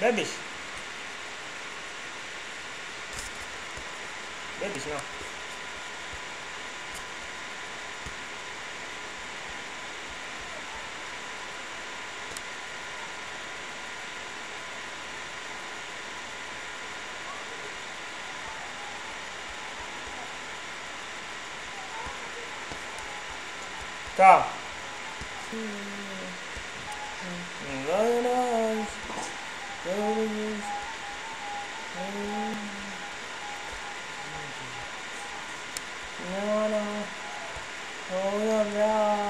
Rubbish. Rubbish now. Tá. Sim. 我呢？我要不要？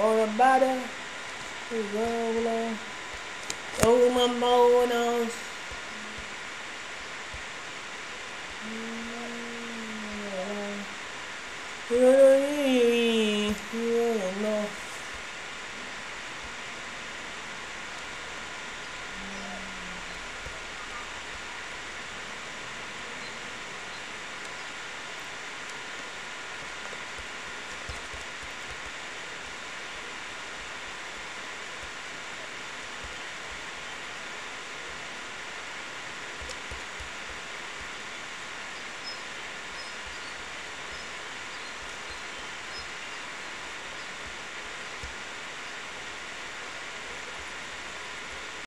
on about body. It's rolling. Oh, my monos. Yeah.